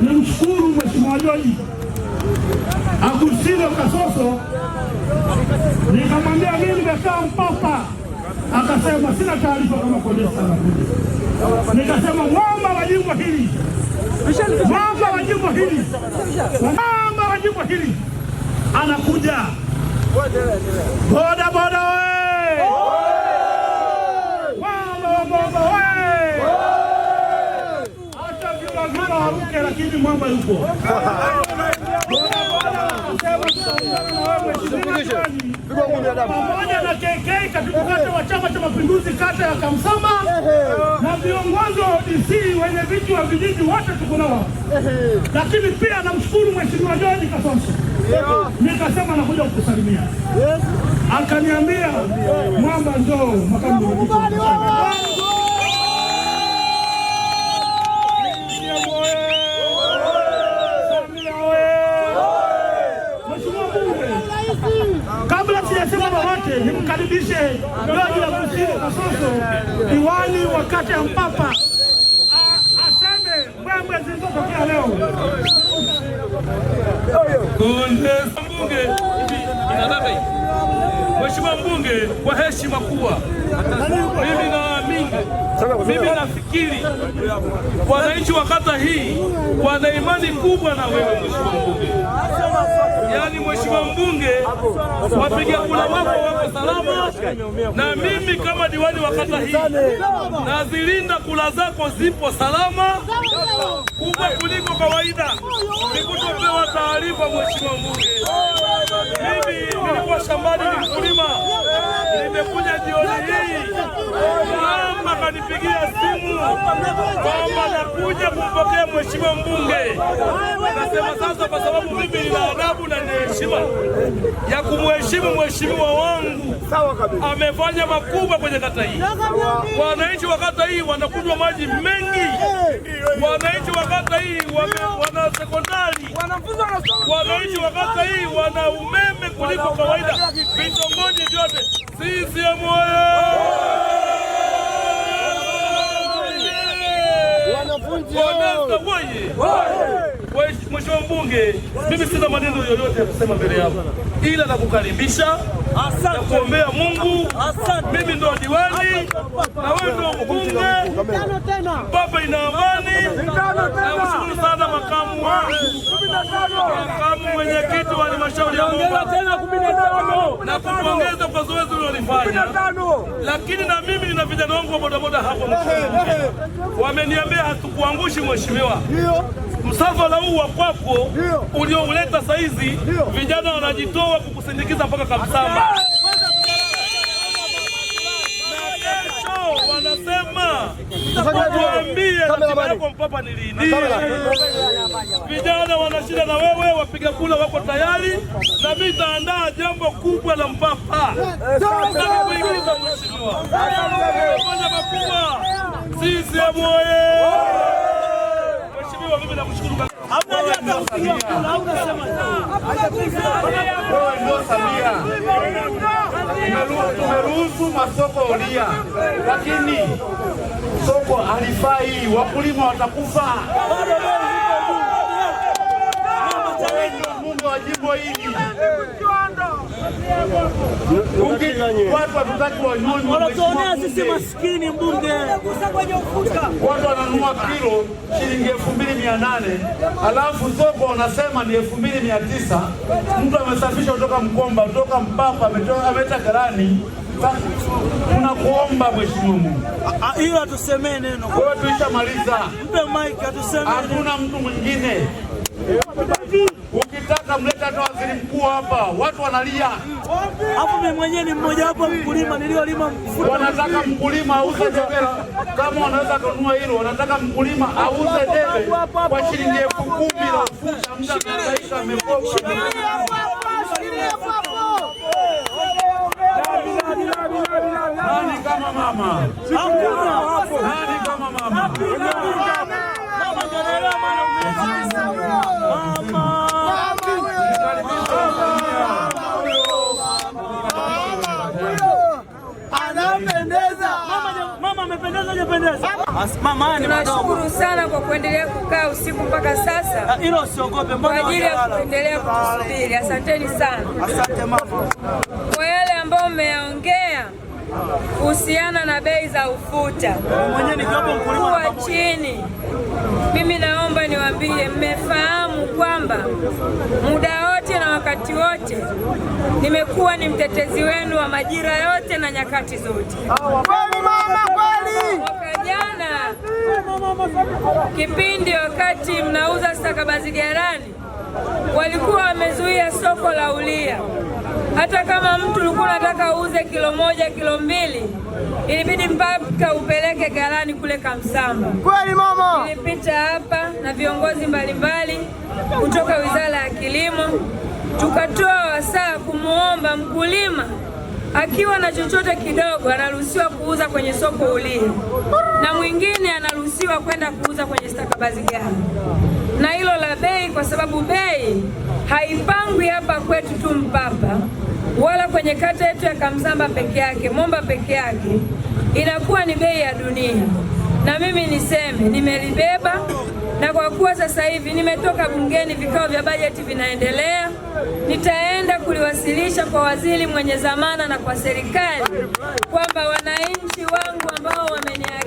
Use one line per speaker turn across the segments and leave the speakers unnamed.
nimshukuru Mheshimiwa Joji Agustino Kasoso, nikamwambia mimi nimekaa Mpapa, akasema sina taarifa kama Kodesta anakuja. Nikasema mwamba wa jimbo hili, mwamba wa jimbo hili, mwamba wa jimbo hili anakuja boda boda lazima waruke, lakini mwamba yupo pamoja na KK katibu kata wa Chama cha Mapinduzi kata ya Kamsamba na viongozi wa ODC wenye viti wa vijiji wote tuko nao, lakini pia namshukuru Mheshimiwa George Kasonso. Nikasema nakuja kukusalimia, akaniambia mwamba, njoo makamu yake nimkaribishe George Agustino Kasoso, diwani wa kata ya Mpapa, aseme mbwembwe zilizotokea leo.
Mheshimiwa Mbunge, kwa heshima kubwa, mimi naamini, mimi nafikiri wananchi wa kata hii wana imani kubwa na wewe Mheshimiwa Mbunge yaani mheshimiwa mbunge, wapiga kula wako wako salama, na mimi kama diwani wa kata hii nazilinda kula zako, zipo salama kubwa kuliko kawaida. Nikutopewa taarifa mheshimiwa mbunge, mimi nilikuwa shambani, ni mkulima nimekuja jioni hii, mama kanipigia simu kwamba nakuja kumpokea mheshimiwa mbunge. Nasema sasa, kwa sababu mimi nina adabu na nina heshima ya kumheshimu mheshimiwa wangu, amefanya makubwa kwenye kata hii. Wananchi wa kata hii wanakunywa maji mengi, wananchi wa kata hii wana sekondari, wananchi wa kata hii wana umeme kuliko kawaida, vitongoji vyote CCM oye! Mheshimiwa mbunge, mimi sina maneno yoyote ya kusema mbele yako, ila na kukaribisha na kuombea Mungu. Mimi ndo diwani na wewe ndo mbunge, Mpapa ina amani. Nakushukuru sana makamu mwenyekiti wa halmashauri ya Momba na kupongeza kwa zoezi ulilofanya, lakini na mimi nina vijana wangu wa bodaboda hapo wameniambia hatukuangushi mheshimiwa. Msafara huu wa kwako uliouleta saizi, vijana wanajitoa kukusindikiza mpaka Kamsamba. jamaa tuambie ratiba yako Mpapa niliinii. Vijana wanashinda na wewe, wapiga kula wako tayari, na mimi nitaandaa jambo kubwa la Mpapa kuingiza mheshimiwa fanya makubwa. CCM oye! Mheshimiwa, mimi nakushukuru.
Tunaruhusu masoko horia, lakini soko halifai, wakulima watakufa. Mungu wajibu hili watu hatutaki wanyonyi, wanatuonea sisi maskini. Mbunge watu wananunua kilo shilingi elfu mbili mia nane alafu soko wanasema ni elfu mbili mia tisa Mtu amesafisha kutoka Mkomba, kutoka Mpapa, ametoka ameeta Karani tunakuomba Mheshimiwa Mungu,
ah, ah, hiyo atusemee neno. Kwa
hiyo tuishamaliza, mpe mike atusemee. Hakuna mtu mwingine ukitaka mleta hata waziri mkuu hapa, watu wanalia.
Hapo mimi mwenyewe ni mmoja wapo mkulima, niliyolima
mfuta. Wanataka mkulima auze debe, kama wanaweza kununua hilo, wanataka mkulima auze debe kwa shilingi elfu kumi la ufuta, mtu anaisha amekopa
mama, nani kama mama?
Tunashukuru sana kwa kuendelea kukaa usiku mpaka sasa ah, kwa ajili ya kuendelea kutusubiri. Asanteni sana. Asante mama kuhusiana na bei za ufuta kuwa chini, mimi naomba niwaambie, mmefahamu kwamba muda wote na wakati wote nimekuwa ni mtetezi wenu wa majira yote na nyakati zote.
Mwaka
jana kipindi wakati mnauza stakabazi ghalani, walikuwa wamezuia soko la Ulia hata kama mtu ulikuwa unataka uuze kilo moja kilo mbili, ilibidi mpaka upeleke galani kule Kamsamba.
Kweli mama,
nilipita hapa na viongozi mbalimbali kutoka Wizara ya Kilimo, tukatoa wasaa kumwomba mkulima akiwa na chochote kidogo anaruhusiwa kuuza kwenye soko ulio na mwingine anaruhusiwa kwenda kuuza kwenye stakabadhi gani, na hilo la bei, kwa sababu bei haipangwi hapa kwetu tu mpapa wala kwenye kata yetu ya Kamsamba peke yake, Momba peke yake, inakuwa ni bei ya dunia. Na mimi niseme nimelibeba, na kwa kuwa sasa hivi nimetoka bungeni, vikao vya bajeti vinaendelea, nitaenda kuliwasilisha kwa waziri mwenye zamana na kwa serikali kwamba wananchi wangu ambao wamenia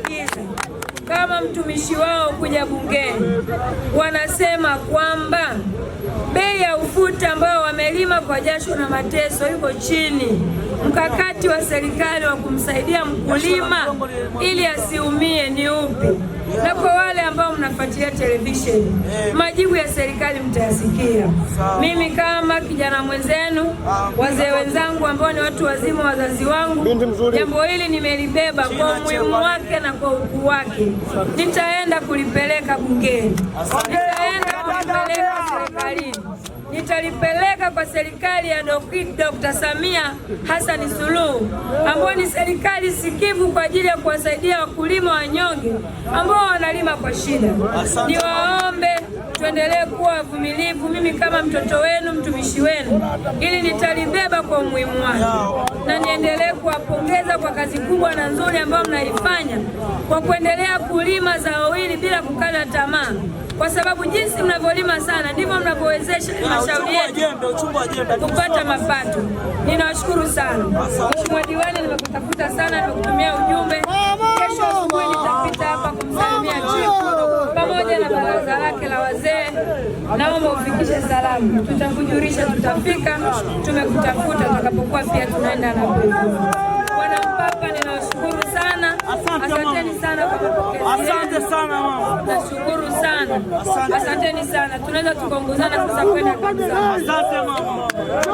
kama mtumishi wao kuja bungeni, wanasema kwamba bei ya ufuta ambao wamelima kwa jasho na mateso yuko chini. Mkakati wa serikali wa kumsaidia mkulima ili asiumie ni upi? na kwa wale ambao mnafuatilia televisheni, eh. majibu ya serikali mtayasikia. Mimi kama kijana mwenzenu, ah, wazee wenzangu ambao ni watu wazima, wazazi wangu, jambo hili nimelibeba kwa umuhimu wake na kwa ukuu wake. Nitaenda kulipeleka bungeni, nitaenda kulipeleka serikalini nitalipeleka kwa serikali ya Dr. Samia Hassan Suluhu, ambayo ni serikali sikivu kwa ajili ya kuwasaidia wakulima wanyonge ambao wanalima kwa shida. Niwaombe tuendelee kuwa wavumilivu, mimi kama mtoto wenu, mtumishi wenu, ili nitalibeba kwa umuhimu wake na niendelee kuwapongeza kwa kazi kubwa na nzuri ambayo mnaifanya kwa kuendelea kulima zao hili bila kukata tamaa, kwa sababu jinsi mnavyolima sana ndivyo mnavyowezesha halmashauri yetu kupata mapato. Ninawashukuru sana Mheshimiwa Diwani, nimekutafuta sana, nimekutumia ujumbe naomba ufikishe salamu, tutakujulisha tutafika, tumekutafuta tutakapokuwa pia tunaenda na Bwana Mpapa. Ninawashukuru sana, asanteni sana kwa mapokezi,
asante sana mama,
nashukuru sana, asanteni sana. Tunaweza tukaongozana sasa kwenda Asante mama.